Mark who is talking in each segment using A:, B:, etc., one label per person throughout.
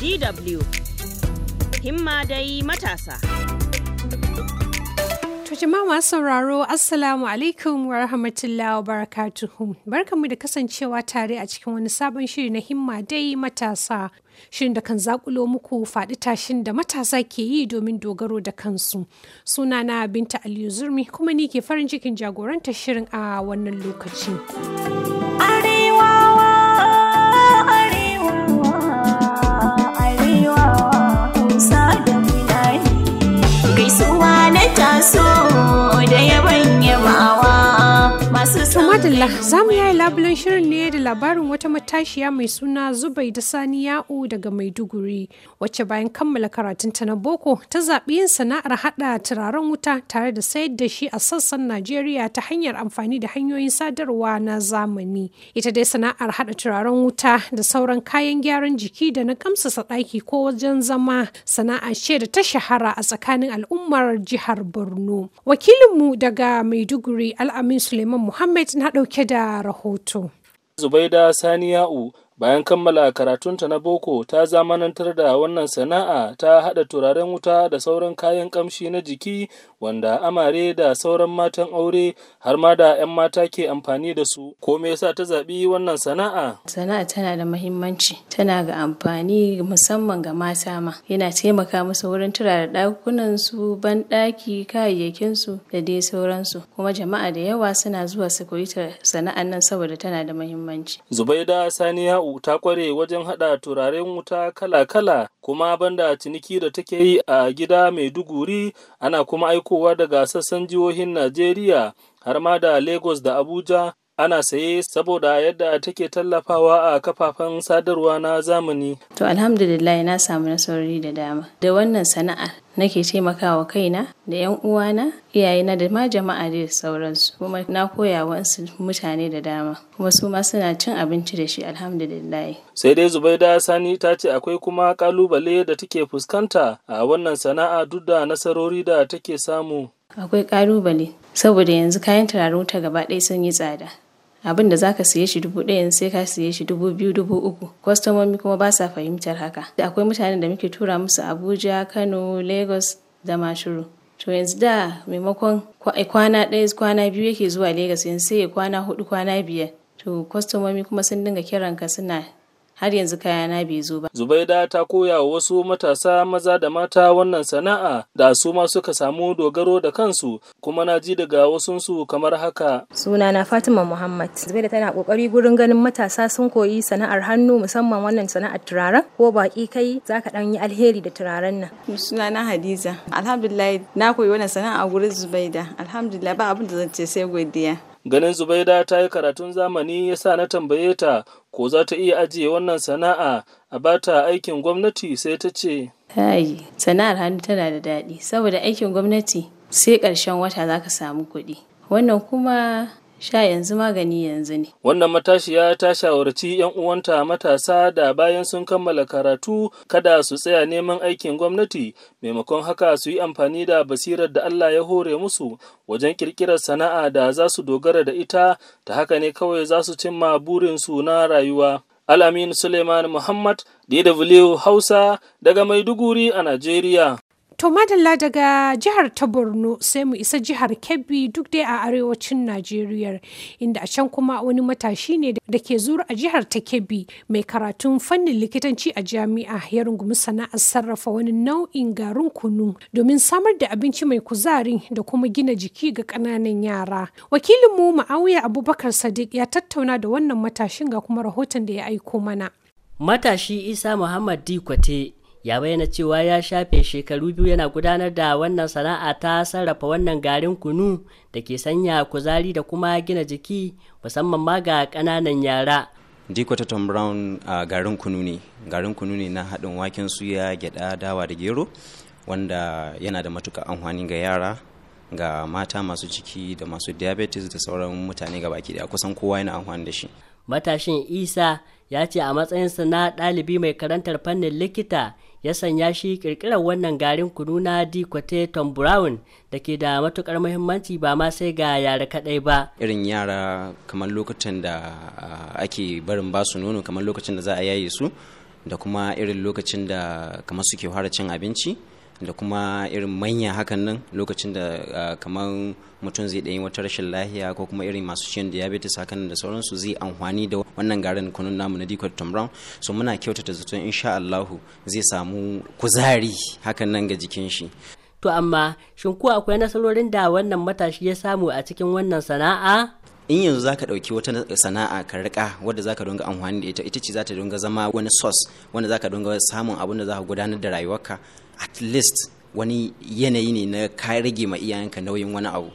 A: DW himma dai matasa.
B: To jama'a masu sauraro Assalamu alaikum wa rahmatullahi wa barakatuhu. Barkanmu da kasancewa tare a cikin wani sabon shiri na himma dai matasa. Shirin da kan zakulo muku faɗi tashin da matasa ke yi domin dogaro da kansu. Suna na Binta Aliyu Zurmi kuma ni ke farin cikin jagorantar shirin a wannan lokaci. corazón. Za mu yi labulen shirin ne da labarin wata matashiya mai suna Zubai da Sani Ya'u daga Maiduguri, wacce bayan kammala karatunta na boko ta zaɓi yin sana'ar haɗa turaren wuta tare da sayar da shi a sassan Najeriya ta hanyar amfani da hanyoyin sadarwa na zamani. Ita dai sana'ar haɗa turaren wuta da sauran kayan gyaran jiki da na gamsasa ɗaki ko wajen zama sana'a ce da ta shahara a tsakanin al'ummar jihar Borno. Wakilinmu daga Maiduguri Al'amin Suleiman Muhammad na ɗauki da rahoto.
C: Zubaida Saniya'u Bayan kammala karatunta na boko ta zamanantar da wannan sana'a ta haɗa turaren wuta da sauran kayan ƙamshi na jiki wanda amare da sauran matan aure har ma da 'yan mata ke amfani da su. Ko me yasa ta zaɓi wannan sana'a?
D: Sana'a tana da mahimmanci, tana ga amfani musamman ga mata ma. Yana taimaka musu wurin turare ɗakunan su, banɗaki, kayayyakin su da dai sauransu. Kuma jama'a da yawa suna zuwa su koyi sana'an nan saboda tana da mahimmanci.
C: Zubaida Saniya ta kware wajen hada turaren wuta kala-kala kuma banda ciniki da take yi a gida mai duguri, ana kuma aikowa daga sassan jihohin Najeriya har ma da Lagos da Abuja ana saye saboda yadda take tallafawa a kafafen sadarwa na zamani.
D: To alhamdulillah na samu nasarori da dama. Da wannan sana'a nake taimakawa kaina da 'yan uwana, iyayena da ma jama'a da sauransu. Kuma na koya wasu mutane da dama. Kuma su ma suna cin abinci da shi alhamdulillah.
C: Sai dai Zubaida Sani ta ce akwai kuma kalubale da take fuskanta a wannan sana'a duk da nasarori da take samu.
D: Akwai kalubale saboda yanzu kayan turaren wuta gaba ɗaya sun yi tsada. abin da zaka siye shi dubu ɗaya sai ka siye shi dubu biyu dubu uku kwastomomi kuma ba sa fahimtar haka akwai mutanen da muke tura musu abuja kano lagos da mashuru to yanzu da maimakon eh, kwana ɗaya kwana biyu yake zuwa lagos yanzu sai ya kwana hudu kwana biyar to kwastomomi kuma sun dinga kiranka suna har yanzu
C: kayana bai zo ba. Zubaida ta koya wa wasu matasa maza da mata wannan sana'a da su ma suka samu dogaro da kansu kuma na ji daga wasu su kamar haka.
D: Sunana Fatima Muhammad. Zubaida tana kokari gurin ganin matasa sun koyi sana'ar hannu musamman wannan sana'ar turaren ko baki kai zaka dan yi alheri da turaren nan. Sunana Hadiza. Alhamdulillah na koyi wannan sana'a gurin Zubaida. Alhamdulillah ba abin da zan ce sai godiya.
C: Ganin Zubaida ta yi karatun zamani ya sa na tambaye ta ko za ta iya ajiye wannan sana'a a bata aikin gwamnati sai ta ce.
D: Hai, sana'ar hannu tana da daɗi, saboda aikin gwamnati sai ƙarshen wata za ka samu kuɗi. Wannan kuma sha yanzu magani yanzu ne.
C: Wannan matashiya ta shawarci 'yan uwanta matasa da bayan sun kammala karatu kada su tsaya neman aikin gwamnati maimakon haka su yi amfani da basirar da Allah ya hore musu wajen kirkirar sana'a da za su dogara da ita ta haka ne kawai za su cimma burinsu na rayuwa. Alamin Suleiman Muhammad, DW Hausa daga Maiduguri a Najeriya.
B: To madalla daga jihar ta Borno sai mu isa jihar Kebbi duk dai a arewacin Najeriya inda a can kuma wani matashi ne da ke zuru a jihar ta Kebbi mai karatun fannin likitanci a jami'a ya rungumi sana'ar sarrafa wani nau'in garin kunu domin samar da abinci mai kuzari da kuma gina jiki ga ƙananan yara. Wakilin mu Ma'awiya Abubakar Sadiq ya tattauna da wannan matashin ga kuma rahoton da ya aiko mana.
A: Matashi Isa Muhammad Dikwate ya bayyana cewa ya shafe shekaru biyu yana gudanar da wannan sana'a ta sarrafa wannan garin kunu da ke sanya kuzari da kuma gina jiki musamman ma ga ƙananan yara
E: diko tom brown a garin kunu ne garin kunu ne na haɗin waken suya gyaɗa dawa da gero wanda yana da matuƙa amfani ga yara ga mata masu ciki da masu diabetes da sauran mutane ga baki daya kusan kowa yana amfani da shi
A: matashin isa ya ce a matsayinsa na ɗalibi mai karantar fannin likita ya sanya shi ƙirƙirar wannan garin kunu na dikote tom brown da ke da matukar muhimmanci ba ma sai ga yara kaɗai ba irin yara kamar lokacin da ake barin ba su nono kamar lokacin da za a yaye su
E: da kuma irin lokacin da kamar suke fara cin abinci da kuma irin manya hakan nan lokacin da ah, kamar mutum zai ɗanyi wata rashin lahiya ko kuma irin masu da ya diabetes hakan da sauransu zai amfani da wannan garin kunun namu na dikwar Tom Brown so muna kyautata zato insha Allahu zai samu kuzari hakan nan ga jikin shi
A: to amma shin ko akwai nasarorin da wannan matashi ya samu a cikin wannan sana'a
E: in yanzu zaka dauki wata sana'a ka rika wadda zaka dinga amfani da ita ita ce zata dinga zama wani source wanda zaka dinga samun abin da zaka gudanar da rayuwarka at least wani yanayi ne na ka rage ma iyayenka nauyin wani abu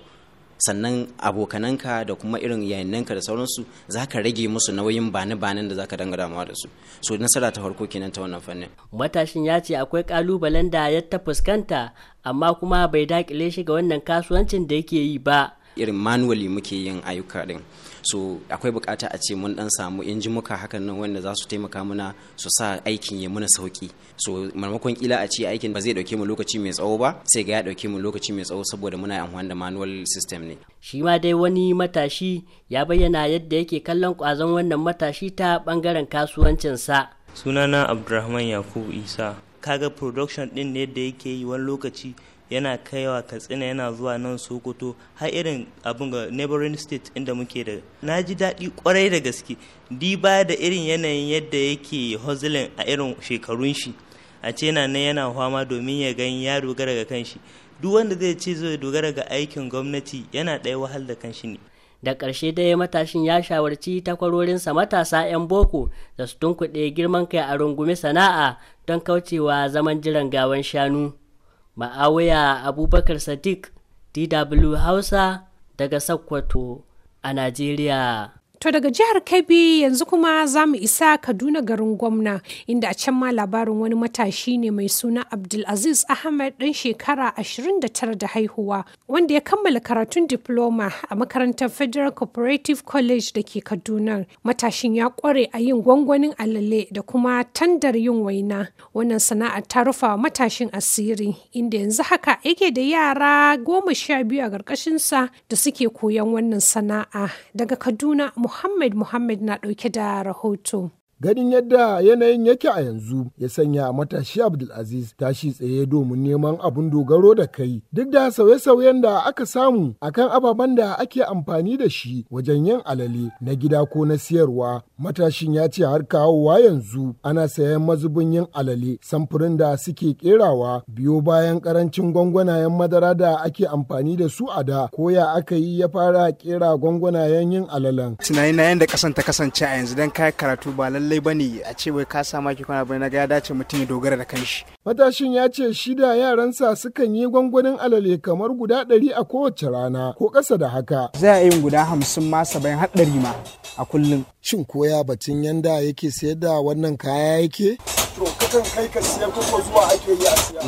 E: sannan abokananka da kuma irin yayinanka da sauransu za ka rage musu nauyin bani-banin da za ka danga damuwa da su so nasara
A: ta farko kenan ta wannan fannin matashin ya ce akwai kalubalen da ya ta fuskanta amma kuma bai dakile shi ga wannan kasuwancin da yake yi ba irin manually muke yin ayyuka
E: din so akwai bukata a ce mun dan samu injimuka hakan nan wanda za su taimaka muna su sa aikin ya muna sauki so maimakon kila a ce aikin ba zai dauke mu lokaci mai tsawo ba sai ga ya dauke mu lokaci mai tsawo saboda muna amfani da manual system ne
A: shi ma dai wani matashi ya bayyana yadda yake kallon kwazon wannan matashi ta bangaren kasuwancin sa
C: sunana abdulrahman yakubu isa kaga production din ne da yake yi wani lokaci yana kaiwa katsina yana zuwa nan sokoto har irin abin ga neighboring state inda muke da na ji daɗi kwarai da gaske diba da irin yanayin yadda yake hustling a irin shekarun shi a ce na nan yana fama domin ya gan ya dogara ga kanshi
A: duk wanda zai ce zai dogara ga aikin gwamnati yana ɗaya wahal da kanshi ne da karshe dai matashin ya shawarci takwarorinsa matasa 'yan boko da su tunkuɗe girman kai a rungumi sana'a don kaucewa zaman jiran gawan shanu Ma'awiya Abubakar Sadiq, DW Hausa daga Sokoto a Najeriya.
B: To daga jihar Kebbi yanzu kuma za mu isa Kaduna garin gwamna inda a can ma labarin wani matashi ne mai suna Abdulaziz Ahmed ɗan shekara 29 da haihuwa wanda ya kammala karatun diploma a makarantar Federal Cooperative College da ke Kaduna. Matashin ya kware a yin gwangwanin alale da kuma tandar yin waina. Wannan sana'a ta rufa matashin asiri inda yanzu haka yake da yara goma sha biyu a ƙarƙashinsa da suke koyon wannan sana'a daga Kaduna Muhammad Muhammad na ɗauke da rahoto.
F: ganin yadda yanayin yake a yanzu ya sanya matashi abdulaziz tashi tsaye domin neman abun dogaro da kai duk da sauye-sauyen da aka samu akan ababen da ake amfani da shi wajen yin alale na gida ko na siyarwa matashin ya ce har kawowa yanzu ana sayan mazubin yin alale samfurin da suke kerawa biyo bayan karancin gwangwanayen madara da ake amfani da su a da ko ya aka yi ya fara kera gwangwanayen
G: yin alalen tunani na yadda kasan ta kasance a yanzu don kai karatu ba lallai ba ne a ce wai ka sa maki kwana bane na ga ya dace mutum ya dogara da kanshi.
F: Matashin ya ce shi da yaransa sukan yi gwangwanin alale kamar guda ɗari a kowace rana ko ƙasa da haka. Za a yi guda hamsin ma saba'in har ɗari ma a kullum. Shin koya batun yanda yake sayar da wannan kaya yake?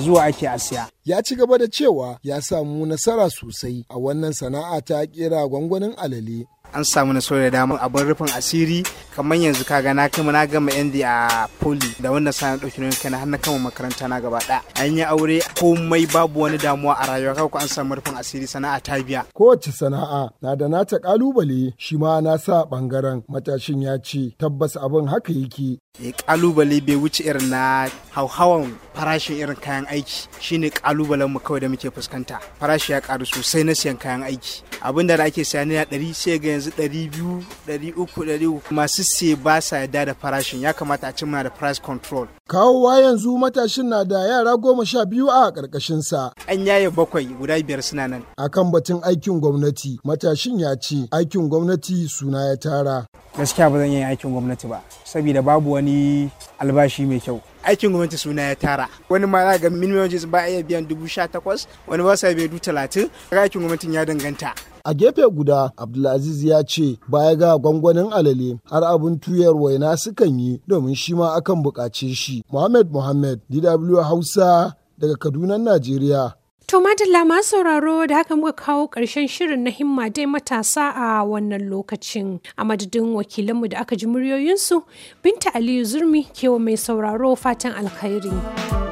F: Zuwa ake a siya. Ya ci gaba da cewa ya samu nasara sosai a wannan sana'a ta kera gwangwanin alale
G: an samu da damar abin rufin asiri kamar yanzu kaga na kai na gama ND a poli da wannan sa na dauki nauyin kana har na kama makaranta na gaba ɗaya an yi aure komai babu wani damuwa a rayuwa kawai ko an samu rufin asiri sana'a ta biya
F: kowace sana'a na da nata kalubale shi ma na sa bangaren matashin ya ce tabbas abin haka yake
G: kalubale eh, bai wuce irin na hauhawan farashin irin kayan aiki shine kalubalen mu kawai da muke fuskanta farashi ya karu sosai na siyan kayan aiki abin da ake saya naira ɗari sai ga yanzu ɗari biyu ɗari uku ɗari uku masu siye ba sa yarda da farashin ya kamata a ci da price control.
F: kawowa yanzu matashin na da yara goma sha biyu a ƙarƙashinsa. an
G: yaye bakwai guda biyar suna nan.
F: A kan batun aikin gwamnati matashin ya ce aikin
G: gwamnati suna ya tara. gaskiya ba zan yi aikin gwamnati ba saboda babu wani albashi mai kyau. aikin gwamnati suna ya tara wani ma ga minimum wages ba iya biyan dubu sha takwas wani ba sa biyan dubu talatin aikin gwamnatin ya danganta a gefe guda abdulaziz ya
F: ce baya ga gwangwanin alale har abun tuyar waina sukan yi domin shi ma akan buƙace shi muhammad mohammed dw hausa daga kaduna najeriya
B: To madalla ma sauraro da haka muka kawo ƙarshen shirin na himma dai matasa a wannan lokacin. A madadin wakilanmu da aka ji muryoyinsu, Binta Aliyu Zurmi kewa mai sauraro fatan alkhairi.